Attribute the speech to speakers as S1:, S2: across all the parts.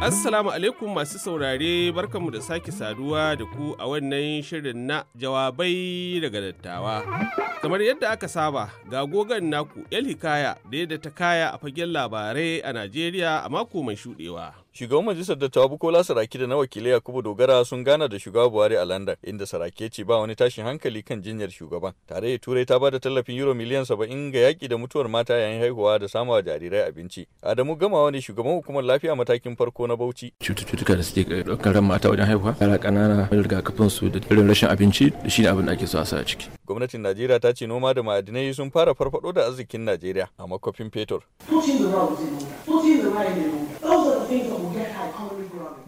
S1: Assalamu alaikum masu saurare barkanmu da sake saduwa da ku a wannan shirin na jawabai daga dattawa. Kamar yadda aka saba ga gogan naku El
S2: Hikaya da yadda ta kaya a fagen labarai a Najeriya a mako mai shudewa. Shugaban majalisar dattawa Bukola Saraki da na wakilai Yakubu Dogara sun gana da shugaba Buhari a London inda Saraki ce ba wani tashin hankali kan jinyar shugaban. Tare da Turai ta bada tallafin euro miliyan saba'in ga yaki da mutuwar mata yayin haihuwa da samawa jarirai abinci. Adamu Gamawa ne shugaban hukumar lafiya matakin farko na Bauchi.
S1: Cututtuka da suke ɗaukar ran mata wajen haihuwa, yara ƙanana, rigakafin su da irin rashin abinci da shi ne abin da ake so a sa a ciki.
S2: Gwamnatin Najeriya ta ce noma da ma'adinai sun fara farfado da arzikin Najeriya a makofin fetur.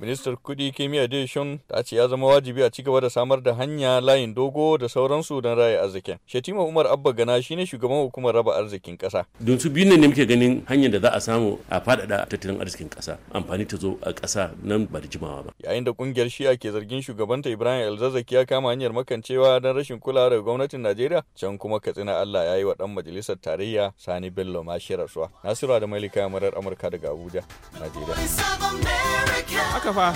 S2: Ministar kudi kimiyya Deshon ta ce ya zama wajibi a cigaba da samar da hanya layin dogo da sauransu don raya arzikin. Shetima Umar Abba Gana shine shugaban hukumar raba arzikin kasa.
S3: Don su biyu ne muke ganin hanyar da za a samu a faɗaɗa tattalin arzikin kasa amfani ta zo a kasa nan ba da jimawa ba.
S2: Yayin da kungiyar Shi'a ke zargin shugabanta Ibrahim Elzazzaki ya kama hanyar makancewa don rashin kulawa daga gwamnati gwamnatin Najeriya can kuma Katsina Allah ya yi wa ɗan majalisar tarayya Sani Bello mashi rasuwa. Nasiru da Malika murar Amurka daga Abuja, Najeriya.
S1: Haka fa,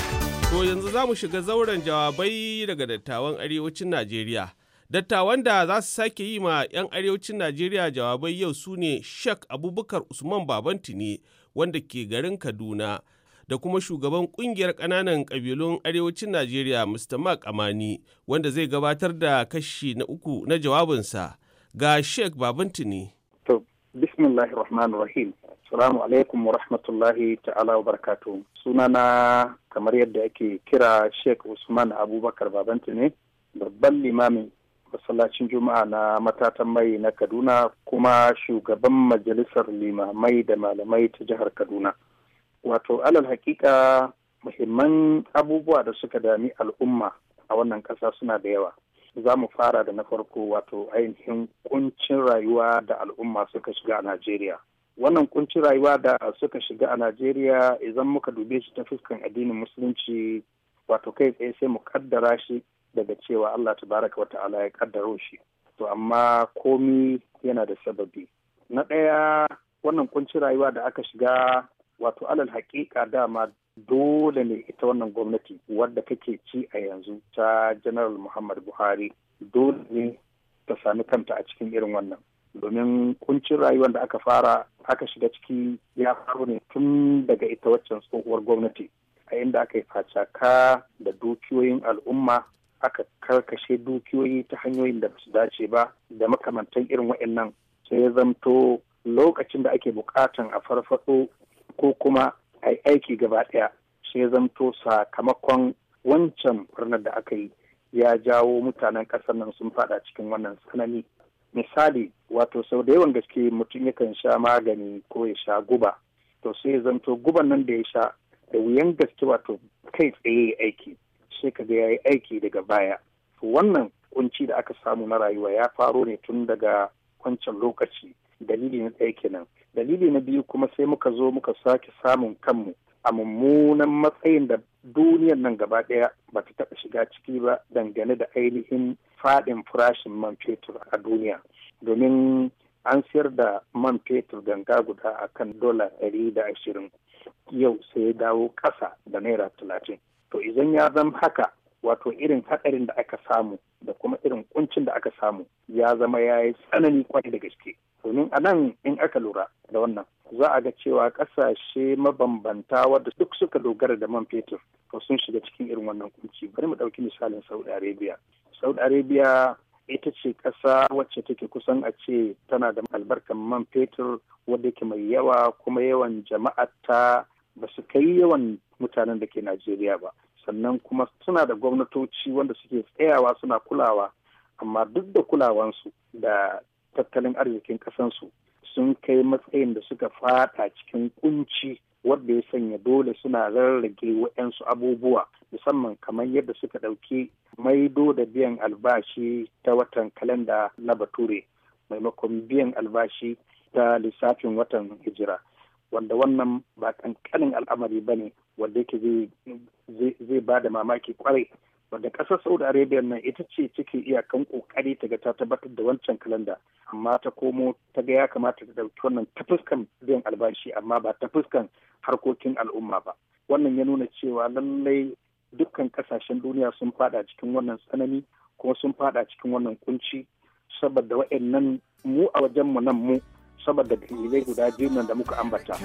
S1: to yanzu za mu shiga zauren jawabai daga dattawan arewacin Najeriya. Dattawan da za su sake yi ma 'yan arewacin Najeriya jawabai yau sune ne Sheikh Abubakar Usman Babantini wanda ke garin Kaduna. da kuma shugaban kungiyar ƙananan kabilun arewacin Najeriya Mr. Mark Amani wanda zai gabatar da kashi na uku na jawabinsa ga Sheikh Babantini. To,
S4: Rahim. Salamu alaikum wa rahmatullahi ta'ala wa barakatu.
S1: Sunana
S4: kamar yadda ake kira Sheikh Usman Abubakar Babantini, babban limamin masallacin juma'a na matatan mai na kaduna kuma shugaban majalisar limamai da malamai ta jihar kaduna wato alal hakika muhimman abubuwa da suka dami al'umma a wannan ƙasa suna da yawa za mu fara da na farko wato ainihin kuncin rayuwa da al'umma suka shiga a najeriya wannan kuncin rayuwa da suka shiga a najeriya idan muka dube shi ta fuskan addinin musulunci wato kai tsaye sai mu kaddara shi daga cewa allah Ta baraka wa ta'ala ya kaddaro shi to amma komi yana da sababi na ɗaya wannan kuncin rayuwa da aka shiga wato alal haƙiƙa dama dole ne ita wannan gwamnati wadda kake ci a yanzu ta general muhammad buhari dole ne ta sami kanta a cikin irin wannan domin kuncin rayuwar da aka fara aka shiga ciki ya faru ne tun daga ita waccan tsohuwar gwamnati a inda aka yi facaka da dukiyoyin al'umma aka karkashe dukiyoyi ta hanyoyin da basu dace ba da makamantan irin wa'annan sai ya zamto lokacin da ake bukatan a farfaso ko kuma a yi aiki gaba ɗaya sai zanto sakamakon wancan furnar da aka yi ya jawo mutanen ƙasar nan sun fada cikin wannan tsanani misali wato sau da yawan gaske mutum yakan sha magani ko ya sha guba to sai ya zanto guban nan da ya sha da wuyan gaske wato kai tsaye ya aiki sai ka ga ya yi aiki daga baya wannan kunci da aka samu na rayuwa ya faro ne tun daga wancan lokaci dalili na ɗaya kenan dalili na biyu kuma sai muka zo muka sake samun kanmu a mummunan matsayin da duniyar nan gaba ɗaya ba ta taɓa shiga ciki ba dangane da ainihin faɗin farashin man fetur a duniya domin an siyar da man fetur ganga guda a kan dola ɗari da ashirin yau sai ya dawo ƙasa da naira talatin to idan ya zama haka wato irin hatsarin da aka samu da kuma irin kuncin da aka samu ya zama ya yi tsanani kwarai da gaske domin a nan in aka lura da wannan za a ga cewa kasashe mabambanta wadda duk suka dogara da man fetur to sun shiga cikin irin wannan kunci bari mu ɗauki misalin saudi arabia saudi arabia ita ce ƙasa wacce take kusan a ce tana da albarkan man fetur wadda yake mai yawa kuma yawan jama'ata ba su kai yawan mutanen da ke najeriya ba sannan kuma suna da gwamnatoci wanda suke tsayawa suna kulawa amma duk da kulawansu da tattalin arzikin ƙasansu sun kai matsayin da suka fada cikin kunci wadda ya sanya dole suna rarrage wayansu abubuwa musamman kamar yadda suka ɗauki maido da biyan albashi ta watan kalenda na bature maimakon biyan albashi ta lissafin watan hijira wanda wannan ba ƙanƙanin al'amari ba ne wanda yake zai ba da mamaki kwarai wadda ƙasar saudi arabia nan ita ce cike iyakan ƙoƙari ta ga ta tabbatar da wancan kalanda amma ta komo ta ga ya kamata ta ɗauki wannan ta fuskan biyan albashi amma ba ta fuskan harkokin al'umma ba wannan ya nuna cewa lallai dukkan ƙasashen duniya sun fada cikin wannan tsanani kuma sun fada cikin wannan kunci saboda wa'annan mu a wajenmu nan mu saboda dalilai guda biyu nan da muka ambata.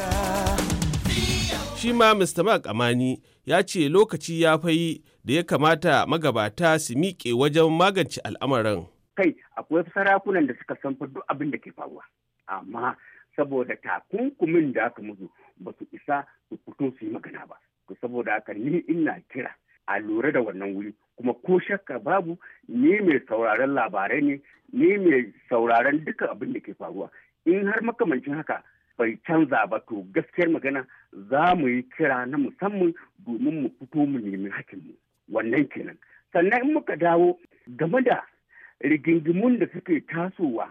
S1: Shi ma Mr. Mark Amani ya ce lokaci ya fayi da ya kamata magabata su miƙe wajen magance al'amarin.
S3: Kai akwai sarakunan da suka san duk abin da ke faruwa, amma saboda takunkumin da aka mutu ba su isa su fito su yi magana ba. To saboda haka ni ina kira a lura da wannan wuri kuma ko shakka babu ni mai sauraron labarai ne ni mai sauraron duka abin da ke faruwa in har makamancin haka bai canza ba to gaskiyar magana za mu yi kira na musamman domin mu fito mu nemi hakinmu. wannan kenan sannan in muka dawo game da rigingimun da suke tasowa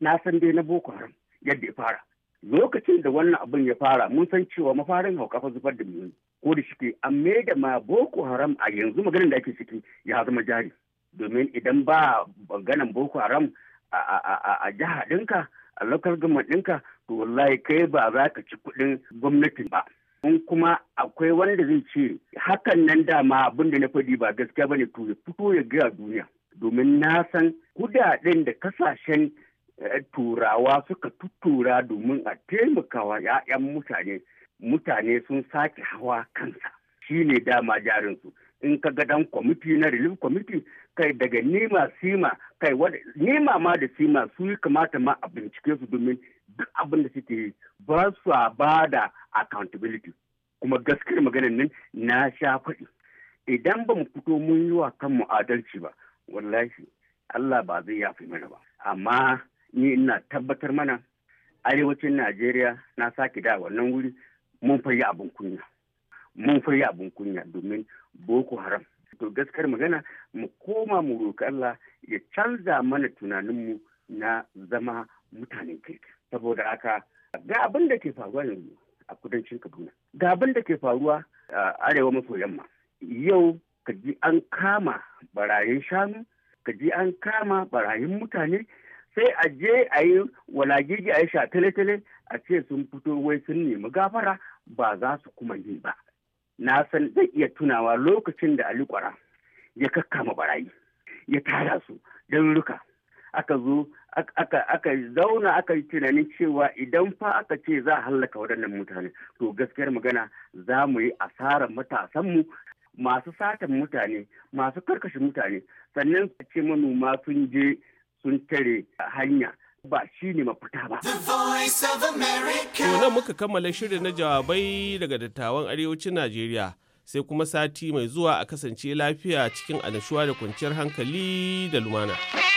S3: na san dai na boko haram yadda ya fara lokacin da wannan abin ya fara mun san cewa mafarin hauka fa zubar da muni ko da shike an da ma boko haram a yanzu maganin da ake ciki ya zama jari domin idan ba ganin boko haram a jiha ɗinka a local gama ɗinka to wallahi kai ba za ka ci kuɗin gwamnatin ba in kuma akwai wanda zai ce hakan nan dama abin da na faɗi ba gaskiya bane to ya fito ya gaya duniya domin na san kudaden da kasashen eh, turawa suka tuttura domin a taimakawa 'ya'yan mutane mutane sun sake hawa kansa shi ne dama jarinsu in ka ga dan kwamiti na relief kwamiti kai daga nema sima kai nema ma da sima su yi kamata ma a bincike su domin duk abin da suke yi ba su a ba da accountability kuma gaskiyar maganar nan na sha faɗi idan ba mu fito mun yi wa kanmu adalci ba wallahi Allah ba zai yafi mana ba amma ni ina tabbatar mana arewacin Najeriya na sake da wannan wuri mun fayi abin kunya mun fayi abin kunya domin Boko Haram to gaskiyar magana mu koma mu roƙi Allah ya canza mana tunaninmu na zama mutanen kirki saboda haka ga abin da ke faruwa yanzu a kudancin kaduna ga abin da ke faruwa a arewa maso yamma yau kaji an kama barayin shanu kaji an kama barayin mutane sai a je a yi walagigi a yi sha tale-tale a ce sun fito wai sun nemi gafara ba za su kuma yi ba na san zai iya tunawa lokacin da ali kwara ya kakkama barayi ya tara su don ruka aka zo aka zauna aka yi tunanin cewa idan fa aka ce za a hallaka waɗannan mutane to gaskiyar magana za mu yi asarar matasanmu masu satan mutane masu karkashe mutane sannan su ce manoma sun je sun tare hanya ba shi ne mafita ba.
S1: nan muka kammala shirin na jawabai daga dattawan arewacin Najeriya sai kuma sati mai zuwa a kasance lafiya cikin annashuwa da kwanciyar hankali da lumana.